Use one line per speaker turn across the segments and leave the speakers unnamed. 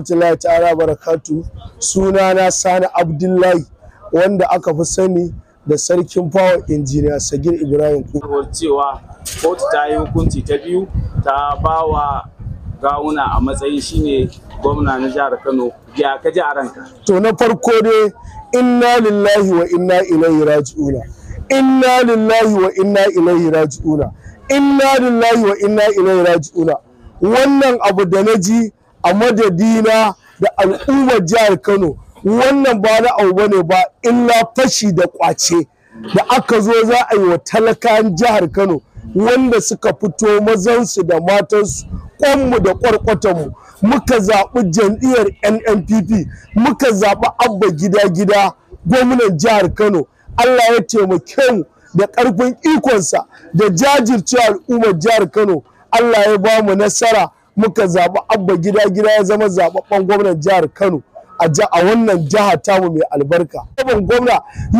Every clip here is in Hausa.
rahmatullahi ta'ala barakatu suna na sani abdullahi wanda aka fi sani da sarkin power engineer sagir ibrahim
kuwar cewa kotu ta yi hukunci ta biyu ta bawa gawuna a matsayin shine gwamna na jihar kano ya ka ji a ranka
to na farko dai inna lillahi wa inna ilaihi raji'una inna lillahi wa inna ilaihi raji'una inna lillahi wa inna ilaihi raji'una wannan abu da na ji a madadina da al'ummar jihar Kano wannan ba na abu ne ba illa fashi da kwace da aka zo za a yi wa talakan jihar Kano wanda suka fito mazansu da matansu kwanmu da mu, muka zaɓi jam'iyyar nnpp muka zaɓi abba gida-gida gwamnan jihar kano allah ya taimake mu da ƙarfin ikonsa da jajirce al'ummar jihar kano allah ya ba mu nasara muka zaɓi abba gida gida ya zama zaɓaɓɓen gwamnan jihar kano a wannan jihar tamu mai albarka. Gaban gwamna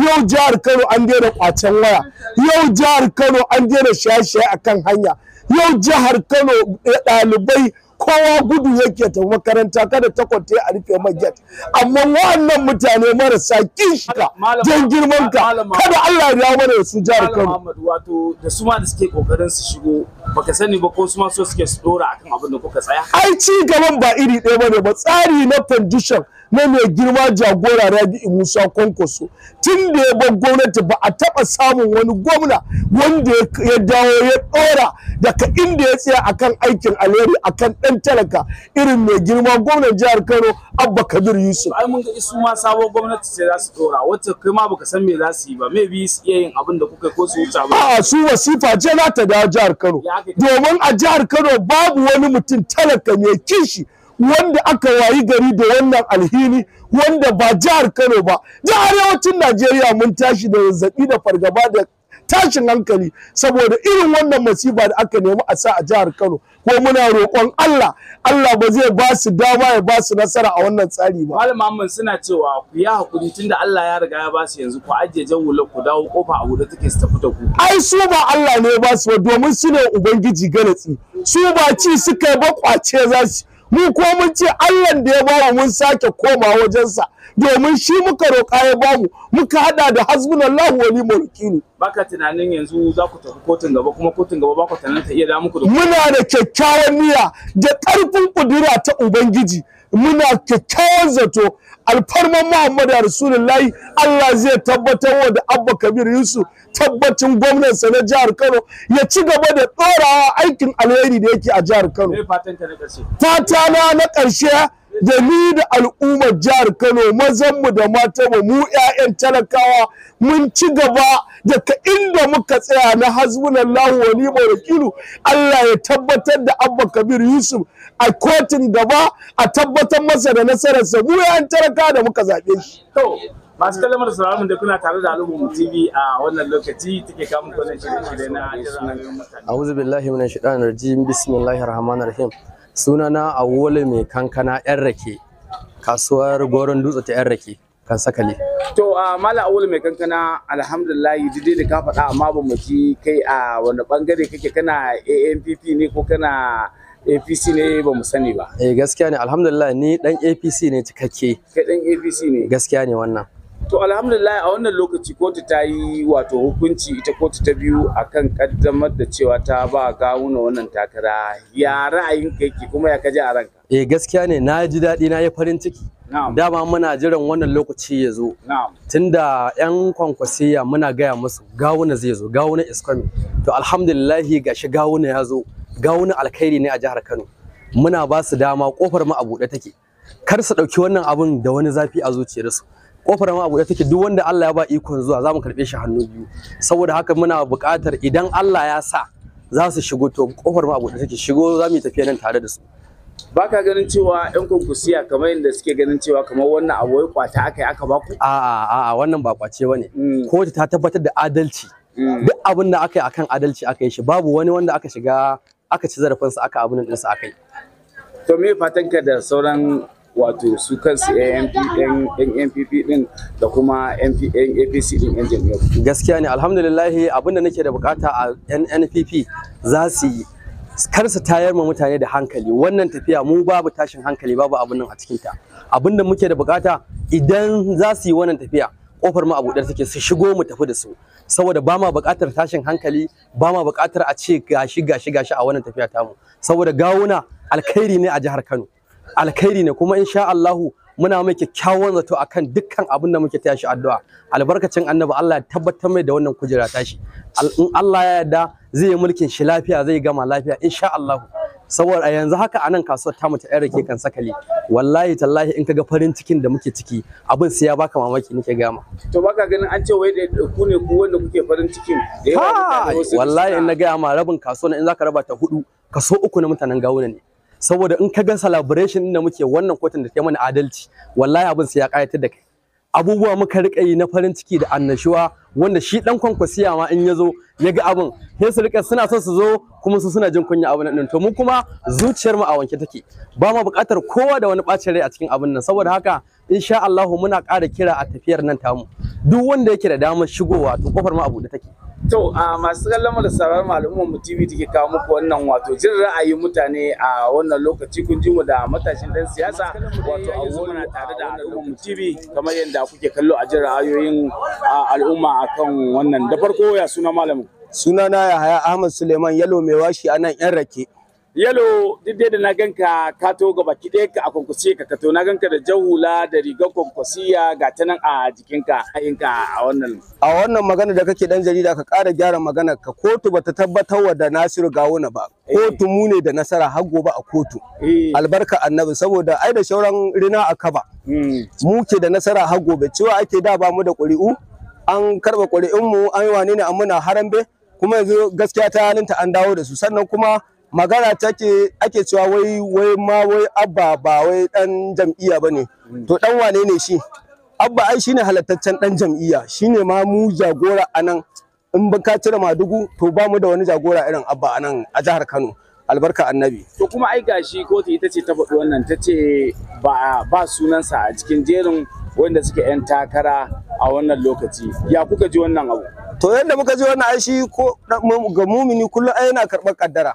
yau jihar Kano an daina kwacen waya, yau jihar Kano an daina shaye-shaye a kan hanya, yau jihar Kano ɗalibai kowa gudu yake ta makaranta kada ta kwanta a rufe maget amma wannan mutane marasa kishka don girman ka kada Allah ya mana su jihar Kano
kokarin su shigo baka sani ba ko su so suke su dora akan abin da kuka tsaya
ai ci gaban ba iri ɗaya bane ba tsari na foundation na mai girma jagora rabi'u musa kwankwaso tun da ya bar gwamnati ba a taɓa samun wani gwamna wanda ya dawo ya ɗora daga inda ya tsaya akan aikin alheri akan ɗan talaka irin mai girma gwamnan jihar kano abba kabir yusuf ai mun ga isu ma sabon gwamnati ce za su ɗora wacce kai ma baka san
me za su yi ba me bi su iya yin abin da kuka ko su wuce ba a'a su
wasifa ce za ta dawo jihar kano domin a jihar kano babu wani mutum talaka mai kishi wanda aka wayi gari da wannan alhini wanda ba jihar Kano ba jihar arewacin Najeriya mun tashi da zazzabi da fargaba da tashin hankali saboda irin wannan masifa da aka nemi a sa a jihar Kano ko muna roƙon Allah Allah ba zai ba su dama ya ba su nasara a wannan tsari ba
Malam suna cewa ku ya hakuri tunda Allah ya riga ya ba su yanzu ku ajiye wula ku dawo kofa a buɗe take su tafi da ku
ai su ba Allah ne ya ba su ba domin su ne ubangiji galatsi su ba ci suka ba kwace za su mu kuma mun ce Allah da ya ba mu mun sake koma wajensa domin shi muka roƙa ya bamu muka hada da hasbunallahu wa ni'mal wakil
baka tunanin yanzu za ku tafi kotun gaba kuma kotun gaba ba ku tunanin ta iya da muku da muna da
kyakkyawan niyya da ƙarfin kudura ta ubangiji muna kyakkyawan zato alfarman Muhammadu Rasulullahi Allah zai tabbatar wa da Abba Kabir Yusuf tabbacin gwamnansa na jihar Kano ya ci gaba da ɗorawa aikin alheri da yake a jihar Kano. Fata na na ƙarshe da ni da al'ummar jihar Kano mazanmu da matanmu mu 'ya'yan talakawa mun ci gaba daga inda muka tsaya na hasbunallahu wa ni'mal Allah ya tabbatar da Abba Kabir Yusuf a kotun gaba a tabbatar masa da nasararsa mu yan taraka da muka zaɓe shi.
masu kalamar sauraron da kuna tare da alubumu tv a wannan lokaci take kamun kwanan shirye-shirye na
a'udhu billahi
minan shaitanir rajim bismillahir rahmanir rahim sunana awole mai kankana yan rake kasuwar goron dutse ta yan rake kan sakale
to a mala awole mai kankana alhamdulillah didi da ka faɗa amma ba mu ji kai a wani bangare kake kana ANPP ne ko kana APC ne ba mu sani ba.
Eh gaskiya ne alhamdulillah ni dan APC ne cikakke. Kai dan APC ne. Gaskiya ne wannan.
To alhamdulillah a wannan lokaci kotu ta yi wato hukunci ita kotu ta biyu akan kaddamar da cewa ta ba gawuna wannan takara ya ka yake kuma ya kaji a ranka.
Eh gaskiya ne na ji daɗi na yi farin ciki. dama muna jiran wannan lokaci ya zo tunda yan kwankwasiya muna gaya musu gawuna zai zo gawuna is coming to alhamdulillah gashi gawuna ya zo ga wani alkhairi ne a jihar Kano muna ba su dama kofar mu a buɗe take kar su ɗauki wannan abun da wani zafi a zuciyarsu kofar mu a buɗe take duk wanda Allah ya ba ikon zuwa zamu karbe shi hannu biyu saboda haka muna buƙatar idan Allah ya sa za su shigo to kofar mu a buɗe take shigo za mu yi tafiya nan tare da su ba ka ganin cewa yan kunkusiya
kamar yadda suke ganin cewa kamar wannan abu wai kwata
aka yi aka ba ku a'a a wannan ba kwace bane mm. kotu ta tabbatar da adalci mm. duk abin da aka yi akan adalci aka yi shi babu wani wanda aka shiga aka ci zarafinsa aka abin ɗinsa a kai.
To me fatanka da sauran
wato su kansu AMP din da kuma APC din yan jam'iyyar. Gaskiya ne alhamdulillah abin da nake da bukata a NPP za su yi kar su tayar ma mutane da hankali wannan tafiya mu babu tashin hankali babu abin nan a ta. abin da muke da bukata idan za su yi wannan tafiya kofar mu abudar take su shigo mu tafi da su saboda ba ma buƙatar tashin hankali ba ma buƙatar a ce gashi gashi gashi a wannan tafiya tamu saboda gawuna alkhairi ne a jihar Kano alkhairi ne kuma insha Allahu muna mai kyakkyawan zato akan dukkan abin da muke tashi addu'a albarkacin annabi Allah ya tabbatar mai da wannan kujera tashi in Allah ya yarda zai yi mulkin shi lafiya zai gama lafiya insha Allahu saboda a yanzu haka a nan kasuwar tamu ta yar kekan kan sakali wallahi tallahi in kaga farin cikin da muke ciki abin sai ya baka mamaki nake gama
to baka ganin an ce wai da ku ne ku wanda kuke farin cikin da yawa wallahi in na
ga ma rabin kasuwar in zaka raba ta hudu kaso uku na mutanen gawuna ne saboda in kaga celebration din da muke wannan kotun da ta mana adalci wallahi abin sai ya kayatar da kai abubuwa muka rika yi na farin ciki da annashuwa wanda shi dan kwankwasiya ma in ya zo ya ga abin sai su rika suna son su zo kuma su suna jin kunya abin nan to mu kuma zuciyar mu a wanke take ba mu buƙatar kowa da wani bacin rai a cikin abin nan saboda haka insha Allah muna ƙara kira a tafiyar nan tamu duk wanda yake da damar shigowa to kofar mu a buɗe take
To a masu kallon da sauran al'ummar mu TV take kawo muku wannan wato jin ra'ayin mutane a wannan lokaci kun ji mu da matashin dan siyasa wato a wannan tare da al'ummar mu TV kamar yadda kuke kallo a jin ra'ayoyin al'umma akan wannan da farko ya
suna malamin. na Yahaya Ahmad Suleiman Yalo mai washi a nan 'yan rake.
yalo duk da na ganka ka to ga baki ɗaya ka a kwankwasi ka kato na ganka da jahula da rigar kwankwasiya ga ta nan a jikinka a yinka a wannan
a wannan magana da kake dan jarida ka ƙara gyara magana ka kotu ba ta tabbatar wa da Nasiru Gawuna ba eh. kotu mu ne da nasara har gobe a kotu eh. albarka annabi saboda ai da shauran rina a kaba hmm. mu ke da nasara har gobe cewa ake da ba mu da ƙuri'u an karɓa ƙuri'un mu an yi wane ne an muna harambe kuma yanzu gaskiya ta halinta an dawo da su sannan kuma magana ke ake cewa wai wai ma wai abba ba wai dan jam'iyya bane to dan wane ne shi abba ai shine halattaccen dan jam'iyya shine ma mu jagora anan in ka cire madugu to ba mu da wani jagora irin abba anan a jihar Kano albarka annabi.
To kuma ai gashi kotu ita ce ta faɗi wannan ta ce ba ba sunansa a cikin jerin wanda suke 'yan takara a wannan lokaci. Ya
kuka ji wannan abu? to yadda muka ji wannan aishi ko ga mumini kullum ai yana karɓar kaddara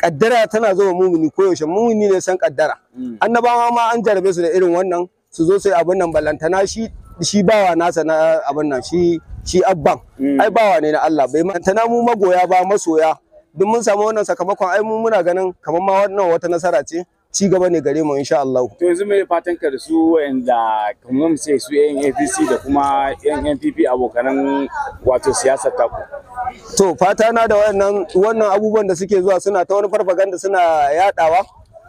kaddara mm. tana zo mumini koyaushe mumini ne san kaddara mm. annabawa ma an jarabe su da irin wannan su zo su yi nan ballantana shi shi bawa nasa na abin nan shi shi abban mm. ai bawa ne na Allah bai mantana mu magoya ba masoya duk mun samu wannan sakamakon ai mu muna ganin kamar ma wannan wata nasara ce ci gaba ne gare mu insha Allah
to yanzu mai fatan ka da su wanda kuma mu sai su yan APC da kuma yan NPP abokanan wato siyasar ta ku
to fata na da wannan wannan abubuwan da suke zuwa suna ta wani farfaganda suna yadawa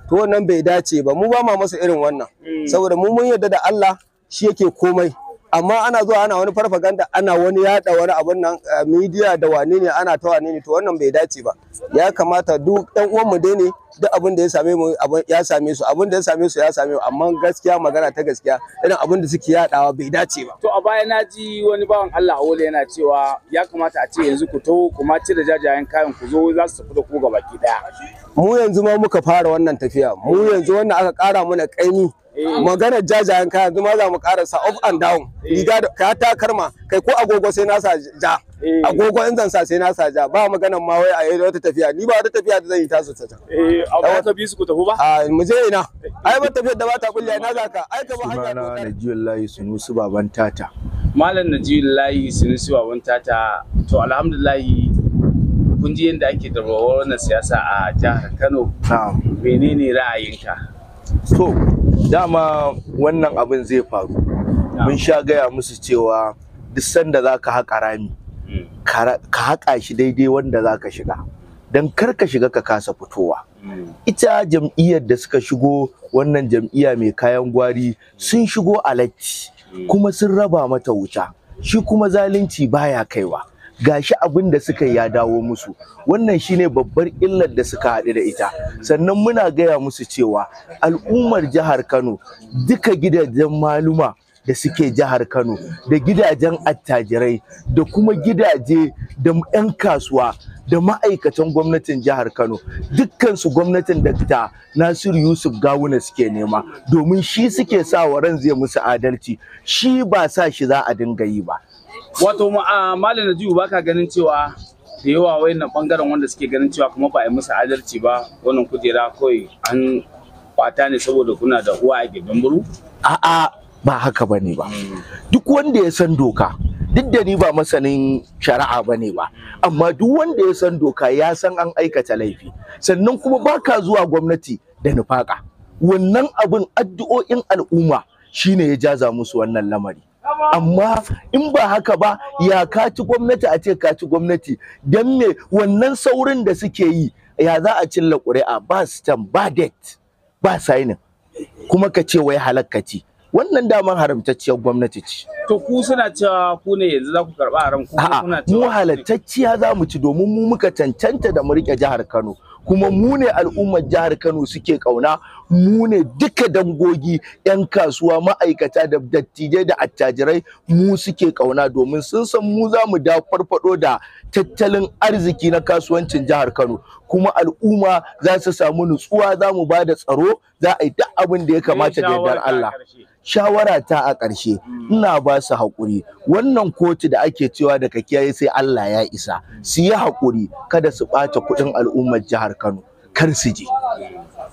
to wannan bai dace ba mu ba ma masa irin wannan mm. saboda mu mun yarda da Allah shi yake komai amma ana zuwa ana wani farfaganda ana wani yada wani abun nan media da wane ne ana ta wane ne to wannan bai dace ba ya kamata duk dan uwan mu dai ne duk abin da ya same mu ya same su abin da ya same su ya same mu amma gaskiya magana ta gaskiya irin abin da suke yadawa bai dace ba
to a baya na ji wani bawan Allah a Awole yana cewa ya kamata a ce yanzu ku to ku ma da jajayen kayan ku zo za su tafi da ku baki
daya mu yanzu ma muka fara wannan tafiya mu eh. yanzu wannan aka kara mana kaini eh. maganar jajayen kayan yanzu ma za mu karasa up and down eh. riga da ka takarma kai ko agogo sai na sa ja eh. agogo in zan sa sai na sa ja ba maganan ma wai a yi wata tafiya ni ba wata tafiya da zan yi ta su ta eh, ta eh a wata bisu ku tafi ba a mu je ina ai ba tafiyar da ba ta kulle na ka ai ka ba
hanya to na najiyullahi sunusu baban tata malam najiyullahi
sunusu baban tata to alhamdulillah kun ji yadda ake da wannan siyasa
a jihar Kano menene ra'ayinka to dama wannan abin zai faru mun sha gaya musu cewa duk sanda za ka haƙa rami hmm. ka haƙa shi daidai wanda za ka shiga don kar ka shiga ka kasa fitowa hmm. ita jam'iyyar da suka shigo wannan jam'iyya mai kayan gwari sun shigo a latti hmm. kuma sun raba mata wuta shi kuma zalunci baya kaiwa gashi abin da suka ya dawo musu wannan shine babbar illar da suka haɗu da ita sannan muna gaya musu cewa al'ummar jihar kano duka gidajen maluma da suke jihar Kano da gidajen attajirai da kuma gidaje da 'yan kasuwa da ma'aikatan gwamnatin jihar Kano dukkansu gwamnatin dakta Nasiru Yusuf Gawuna suke nema domin shi suke sa wa ran zai musu adalci shi ba sa shi za a dinga yi ba
wato malam Najibu baka ganin cewa da yawa wayannan bangaren wanda suke ganin cewa kuma ba a yi musu adalci ba wannan kujera kawai an kwata ne saboda kuna da uwa a gidan
buru a'a ba haka ba ne ba duk wanda ya san doka duk da ni ba masanin shari'a bane ba amma duk wanda ya san doka ya san an aikata laifi sannan kuma baka zuwa gwamnati da nufaka wannan abin addu'o'in al'umma shine ya jaza musu wannan lamari amma in ba haka ba ya kaci gwamnati a ce kaci gwamnati don me wannan saurin da suke yi ya za a cilla ƙuri'a ba stamp ba date ba signing kuma ka ce wai halakkaci wannan daman haramtacciyar gwamnati ce
to ku suna cewa ku ne yanzu za ku karɓa haram ku
kuna mu halattacciya za mu ci domin mu muka cancanta da mu riƙe jihar Kano kuma mu ne al'ummar jihar Kano suke ƙauna mu ne duka dangogi 'yan kasuwa ma'aikata da dattijai da attajirai mu suke kauna domin sun san mu za mu da farfado da tattalin arziki na kasuwancin jihar Kano kuma al'umma za su samu nutsuwa za mu ba da tsaro za a yi duk abin da ya kamata da yardar Allah shawara ta a ƙarshe ina ba su haƙuri wannan kotu da ake cewa daga kiyaye sai Allah ya isa su yi haƙuri kada su ɓata kuɗin al'ummar jihar Kano kar su je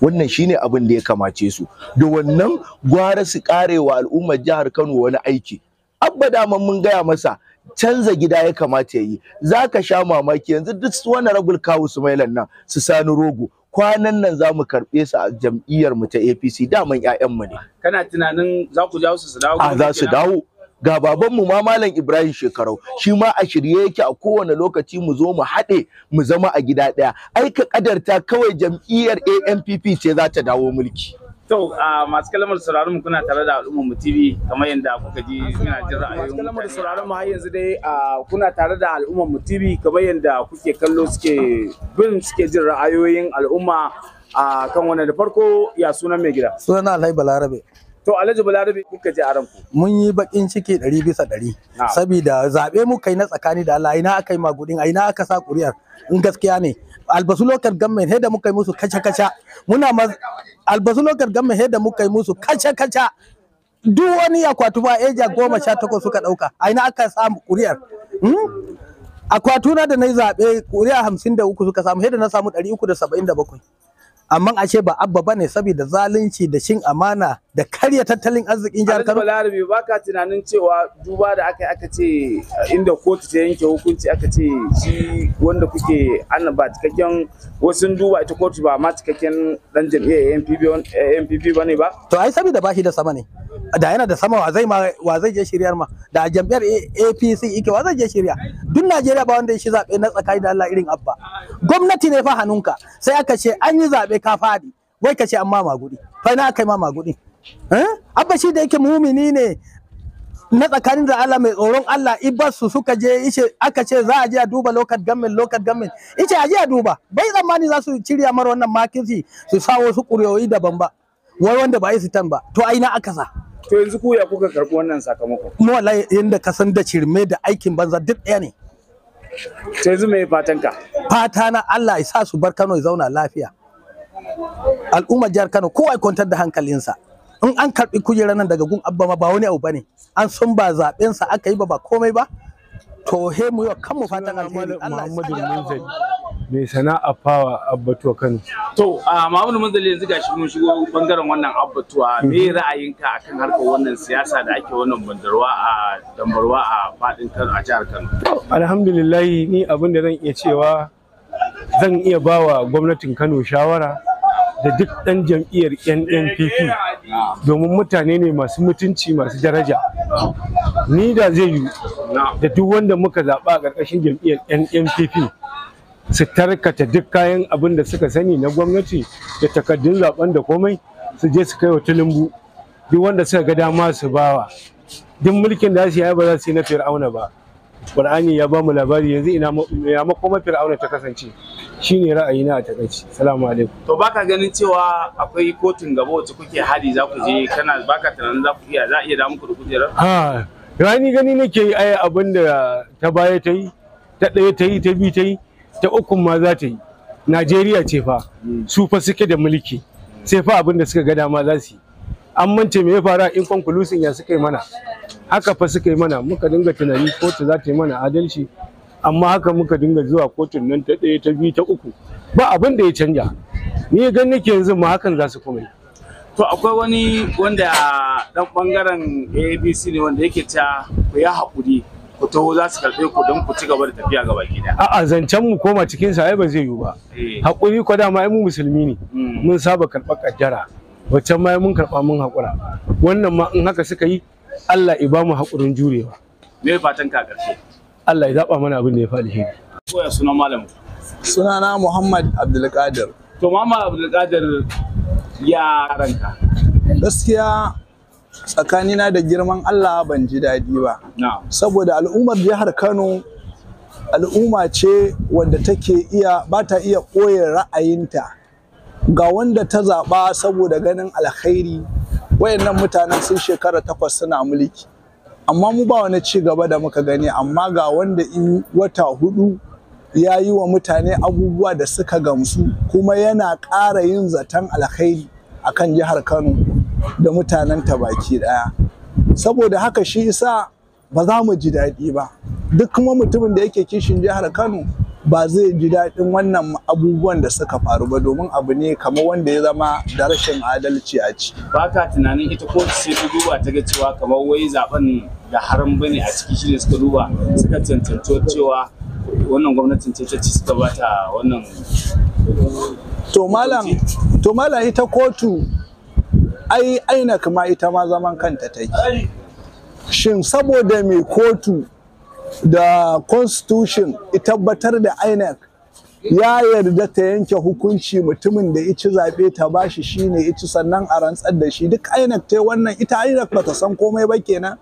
wannan shine abin da ya kamace su da wannan gwara su karewa al'ummar jihar Kano wani aiki abba daman mun gaya masa canza gida ya kamata ya yi za ka sha mamaki yanzu duk wani rabul kawo su mailan nan su sani rogo kwanan nan za mu karɓe su a jam'iyyar mu ta APC daman mu ne
kana tunanin za ku jawo su su dawo a za su dawo
ga baban mu ma malam Ibrahim Shekarau shi ma a shirye yake a kowane lokaci mu zo mu haɗe mu zama a gida ɗaya ai ka kadarta kawai jam'iyyar ANPP ce za ta dawo mulki
To masu kalmar sauraron mu kuna tare da al'umma mu TV kamar yadda kuka ji muna jin ra'ayoyin mutane. kalmar sauraron mu har yanzu dai a kuna tare da al'umma mu TV kamar yadda kuke kallo suke bin suke jin ra'ayoyin al'umma a kan wani da farko ya sunan mai gida.
Sunan Alhaji Balarabe. To Alhaji
Balarabe ka ji aron ku.
Mun yi bakin ciki ɗari bisa ɗari. Saboda zaɓe mu kai na tsakani da Allah ina aka yi magudin ina aka sa ƙuri'ar in gaskiya ne. Albasu local government sai da muka yi musu kaca-kaca. Muna ma albasu local government sai da muka yi musu kaca-kaca. Duk wani akwatu ba eja goma sha takwas suka ɗauka. A ina aka samu ƙuri'ar. Hmm? Akwatuna da na yi zaɓe ƙuri'a hamsin da uku suka samu sai da na samu ɗari uku da saba'in da bakwai. Amma ashe ba abba bane saboda zalunci da shin amana da karya tattalin arzikin jihar Kano. Balarabe
ba ka tunanin cewa duba da aka aka ce inda kotu ta yanke hukunci aka ce shi wanda kuke ana ba cikakken wasu duba ita kotu ba ma cikakken dan jam'iyyar NPP ba ne ba.
To ai saboda ba shi da sama ne. Da yana da sama wa zai ma wa zai je shiriyar ma da jam'iyyar APC yake wa zai je shirya. Duk Najeriya ba wanda ya shi zaɓe na tsakai da Allah irin abba. Gwamnati ne fa hannunka sai aka ce an yi zaɓe ka fadi. Wai ka ce an ma gudi? Fa na aka yi ma gudi? Eh? abba shi da yake mumini ne na tsakanin da Allah mai tsoron Allah su suka je ishe aka ce za a je a duba lokat gamin lokat gamin ice a je a duba bai tsammani za su cirya mara wannan makinsi su sawo su kuriyoyi daban ba wai wanda ba yi su tan ba to aina aka sa to yanzu ku ya kuka karbi wannan sakamako. mu wallahi yanda ka san da cirme da aikin banza duk ɗaya ne to yanzu me fatan ka fata na Allah ya sa su bar Kano ya zauna lafiya al'ummar jihar Kano kowa ya kwantar da hankalinsa in an karɓi kujerar nan daga gun abba ma ba wani abu bane an san ba zaben sa aka yi ba ba komai ba to he mu yau kanmu fatan alheri Allah
Muhammadu Munzali mai sana'a fawa abbatuwa Kano
to Muhammadu Munzali yanzu gashi mun shigo bangaren wannan abbatuwa mhm. me ra'ayinka akan harkar wannan siyasa da ake wannan bandarwa a dambarwa a fadin Kano a jihar
Kano alhamdulillah ni abin da zan iya cewa zan iya bawa gwamnatin Kano shawara da duk ɗan jam'iyyar NNPP domin mutane ne masu mutunci masu daraja ni da zai yi da duk wanda muka zaɓa a ƙarƙashin jam'iyyar NNPP su tarkata duk kayan abin da suka sani na gwamnati da takardun zaben da komai su je su kai wa tulumbu duk wanda suka ga dama su bawa duk mulkin da su yi ba za su yi na fir'auna ba qur'ani ya ba mu labari yanzu ina ya makoma fir'auna ta kasance shine ra'ayina a takaici salamu alaikum to
baka ganin cewa akwai kotun gaba wacce kuke hadi za ku je kana baka tunanin za ku iya za iya da muku da kujerar
ha rani gani nake yi ai abin da ta baya ta yi ta ɗaya ta yi ta bi ta yi ta uku ma za ta yi najeriya ce fa hmm. su fa suke da mulki sai fa abin da suka ga dama za su yi an mance me ya fara in konkulusin ya suka yi mana haka fa suka yi mana muka dinga tunani kotu za ta yi mana adalci amma haka muka dinga zuwa kotun nan ta ɗaya ta biyu ta uku ba abin da ya canja ni gan nake yanzu ma hakan za su kuma to akwai wani wanda
dan bangaren abc ne wanda yake ta ku ya haƙuri ku taho za su karɓe ku don ku ci gaba da tafiya gaba gida
a'a zancen mu koma cikin sa ba zai yiwu ba eh. haƙuri ko dama ai mu musulmi ne mm. mun saba karɓar kaddara waccan ma mun karɓa mun haƙura wannan ma in haka suka yi Allah i ba mu haƙurin jurewa
me fatan ka ƙarshe
Allah ya zaba mana abin da ya faɗi shi
koya sunan malam
sunana Muhammad
Abdulkadir to Muhammad Abdulkadir ya ranka
gaskiya tsakanina da girman Allah ban ji daɗi ba saboda al'ummar jihar Kano al'umma ce wadda take iya ba ta iya koyar ra'ayinta ga wanda ta zaɓa saboda ganin alkhairi wayannan mutanen sun shekara takwas suna mulki amma mu ba wani ci gaba da muka gani amma ga wanda in wata hudu ya yi wa mutane abubuwa da suka gamsu kuma yana ƙara yin zaton alkhairi a kan jihar kano da mutanen ta baki ɗaya saboda haka shi isa ba za mu ji daɗi ba duk kuma mutumin da yake kishin jihar kano ba zai ji daɗin wannan abubuwan da suka faru ba domin abu ne kamar wanda ya zama da rashin adalci a ci. Ba ka tunanin ita ko
sai ta duba ta ga cewa kamar wai zaben da haram bane a ciki ne suka duba suka
cancanto cewa wannan gwamnatin ce ta ci suka bata wannan to malam to malam ita kotu ai aina kuma ita ma zaman kanta ta yi shin saboda mai kotu da constitution tabbatar da aina ya yarda ta yanke hukunci mutumin da ici zaɓe ta bashi shine ici sannan a rantsar da shi duk inec ta wannan ita inec ba ta san komai ba kenan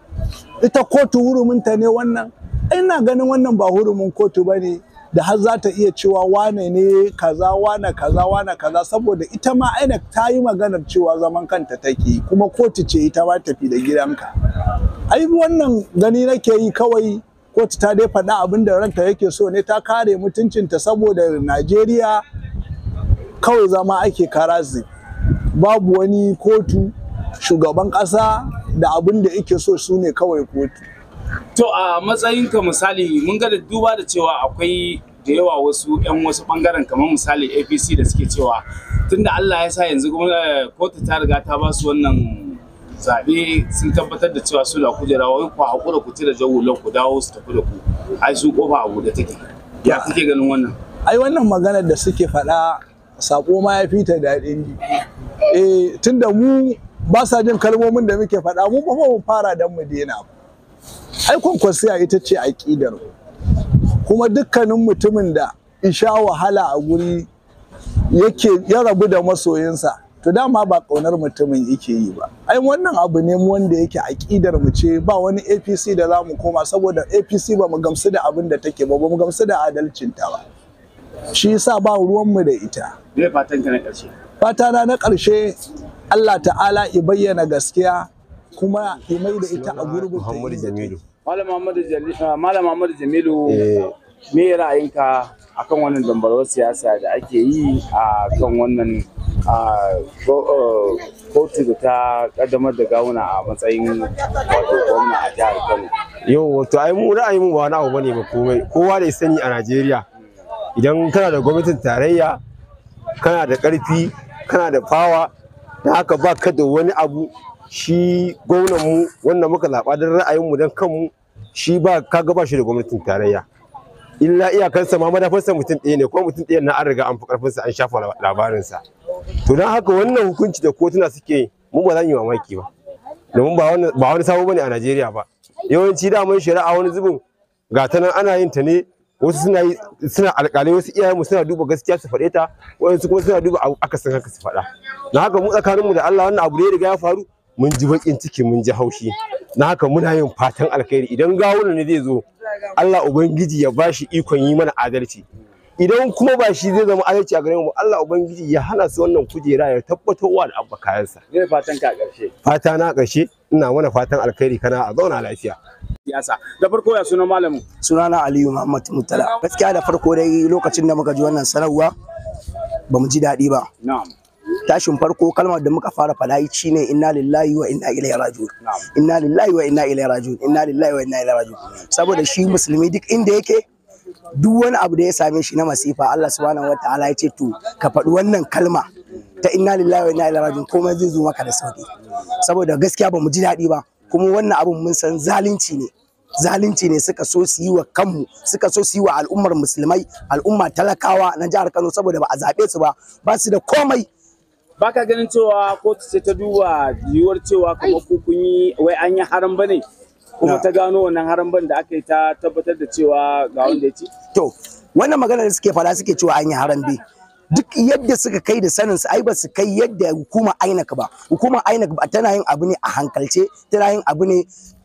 ita kotu huruminta ne wannan ina ganin wannan ba hurumin kotu ba ne da har za ta iya cewa wane ne kaza wane kaza wane kaza saboda ita ma INEC ta yi maganar cewa zaman kanta take kuma kotu ce ita ma tafi da gidanka ai wannan gani nake yi kawai kotu ta dai faɗa abin da ranta yake so ne ta kare mutuncinta saboda najeriya kawai zama ake karazi babu wani kotu shugaban ƙasa da abin da yake so su ne kawai kotu
to a matsayinka misali mun ga da duba da cewa akwai da yawa wasu 'yan wasu bangaren kamar misali apc da suke cewa tunda allah ya sa yanzu eh, kotu ta riga ta ba su wannan zaɓe sun tabbatar da cewa su da kujera wai ku haƙura ku cire jawulan ku dawo su tafi da ku ai su kofa abu da take ya kake ganin wannan
ai wannan maganar da suke faɗa sako ma ya fita daɗin eh tunda mu ba sa jin kalmomin da muke faɗa mu ba mu fara dan mu daina ai kwankwasiya ita ce aƙidar kuma dukkanin mutumin da isha wahala a guri yake ya rabu da masoyinsa to dama ba ƙaunar mutumin yake yi ba ai wannan abu ne wanda yake aƙidar mu ce ba wani apc da za mu koma saboda apc ba mu gamsu da abin da take ba ba mu gamsu da adalcinta ba shi yasa ba ruwan mu da ita fatan na na ƙarshe Allah ta'ala ya bayyana gaskiya kuma ya mai da ita a gurbin Jamilu
Malam Muhammad uh, Jamilu Malam eh. Jamilu me ra'ayinka akan wannan dambarwar siyasa da ake yi a kan wannan uh, uh, kotu da ta kaddamar da gawuna
a matsayin
wato gwamna a jihar Kano
yau wato ai mu ra'ayin mu ba na abu bane ba komai kowa da ya sani a Najeriya idan kana da gwamnatin tarayya kana da ƙarfi kana da power. da haka ba ka da wani abu shi mu wannan muka zaɓa don ra'ayinmu don kanmu shi ba kaga ba shi da gwamnatin tarayya illa iyakarsa ma madafarsa mutum ɗaya ne ko mutum ɗaya na an riga an fi ƙarfinsa an shafa labarinsa to don haka wannan hukunci da kotuna suke mu ba za mu yi mamaki ba domin ba wani sabo bane a Najeriya ba yawanci da daman shari'a wani zubin ga ta nan ana yin ta ne wasu suna yi suna alƙalai wasu iyayenmu suna duba gaskiya su faɗe ta wasu kuma suna duba akasin haka su faɗa na haka mu tsakaninmu da Allah wannan abu ne riga ya faru mun ji bakin ciki mun ji haushi na haka muna yin fatan alkhairi idan gawun ne zai zo Allah ubangiji ya bashi ikon yi mana adalci idan kuma ba shi zai zama adalci a gare mu Allah ubangiji ya hana su wannan kujera ya tabbatar wa da abba kayansa ne fatan ka karshe fata na
karshe ina mana fatan alkhairi kana a zauna lafiya
siyasa da farko ya sunan malamu
sunana Aliyu Muhammad Mutala gaskiya da farko dai lokacin da muka ji wannan sanarwa bamu ji daɗi ba na'am tashin farko kalmar da muka fara fada shi ne inna lillahi wa inna ilaihi raji'un inna lillahi wa inna ilaihi raji'un inna lillahi wa inna ilaihi raji'un saboda shi musulmi duk inda yake duk wani abu da ya same shi na masifa Allah subhanahu wataala ya ce to ka faɗi wannan kalma ta inna lillahi wa inna ilaihi raji'un komai zai zo maka da sauki saboda gaskiya ba mu ji daɗi ba kuma wannan abun mun san zalunci ne zalunci ne suka so su yi wa kanmu suka so su yi wa al'ummar musulmai al'umma talakawa na jihar Kano saboda ba a zaɓe su ba ba su da komai
baka ganin cewa kotu ce ta duba yiwuwar cewa kamar ku kun yi wai an yi haram bane kuma ta gano wannan haram ban da aka yi ta tabbatar da
cewa ga wanda ya ci to wannan magana da suke fada suke cewa an yi haram bi duk yadda suka kai da sanin su ai ba su kai yadda hukuma INEC ba hukuma INEC ba tana yin abu ne a hankalce tana yin abu ne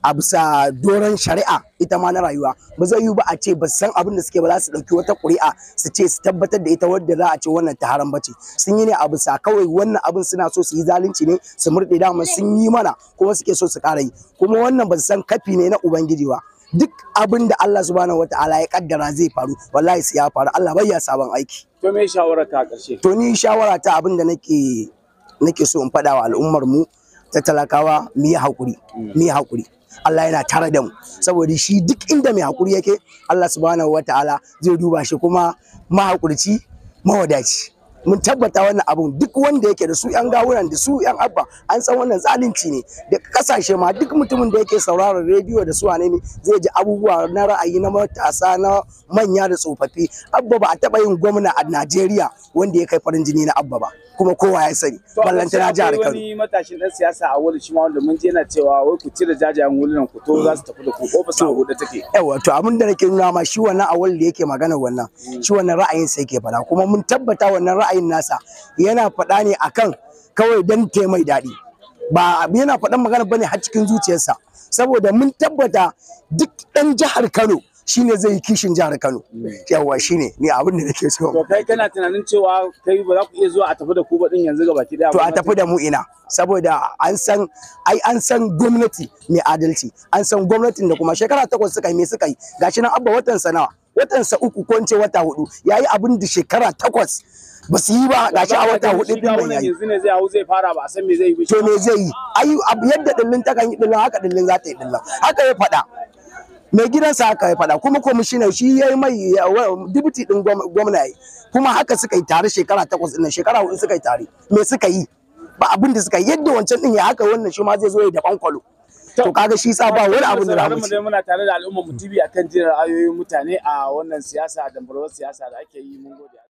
a bisa doron shari'a ita ma na rayuwa ba zai yiwu ba a ce ba san abin da suke ba za su ɗauki wata ƙuri'a su ce su tabbatar da ita wadda za a ce wannan ta haram bace sun yi ne a bisa kawai wannan abin suna so su yi zalunci ne su murɗe dama sun yi mana kuma suke so su ƙara yi kuma wannan ba su san kafi ne na ubangiji ba duk abin da Allah subhanahu ta'ala ya kaddara zai faru wallahi sai ya faru Allah bai ya sabon aiki to me shawara ta karshe to ni shawara ta abin da nake nake so in faɗa wa al'ummar mu ta talakawa mu yi hakuri mm. mu yi hakuri Allah yana tare da mu saboda shi duk inda mai hakuri yake Allah subhanahu ta'ala zai duba shi kuma mahakurci mawadaci mun tabbata wannan abun duk wanda yake da su yan gawuran da su yan abba an san wannan zalunci ne da kasashe ma duk mutumin da yake sauraron rediyo da su wane ne zai ji abubuwa na ra'ayi na matasa na manya da tsofaffi abba ba a taba yin gwamna a Najeriya wanda ya kai farin jini na abba ba kuma kowa ya sani ballanta na jihar Kano wani
matashin dan siyasa a wani shi ma wanda mun je na cewa wai ku cire jajayen wulunan ku to za su tafi da ku ofisa a hudu take
yawa to abin da nake nuna ma shi wannan awal da yake magana wannan mm. shi wannan ra'ayin sai yake fada kuma mun tabbata wannan ra'ayin ra'ayin nasa yana faɗa ne akan kawai dan ta mai daɗi ba yana faɗan magana bane har cikin zuciyarsa saboda mun tabbata duk ɗan jihar Kano shine zai yi kishin jihar Kano yawa shine ni abin da nake so to
kai kana tunanin cewa kai ba za ku iya zuwa a tafi da ku ba din yanzu baki daya to a tafi da mu ina
saboda an san ai an san gwamnati mai adalci an san gwamnatin da kuma shekara takwas suka yi me suka yi gashi nan abba watan sanawa watansa uku ko wata hudu yayi abin da shekara takwas ba su yi ba gashi a wata hudu din nan yayi yanzu ne zai hau zai fara ba san me zai yi to me zai yi ayi yadda dillin ta kan yi dillin haka dillin za ta yi dillin haka ya faɗa mai gidansa haka ya faɗa kuma kwamishinan shi ya yi mai dibiti din gwamna kuma haka suka yi tare shekara takwas din shekara hudu suka yi tare me suka yi ba abin da suka yi yadda wancan din ya haka wannan shi ma zai zo ya daban kwalo to kaga shi sa ba wani abu da ramu ce
muna tare da al'umma mu tibi akan jiran ayoyin mutane a wannan siyasa da siyasa da ake yi mun gode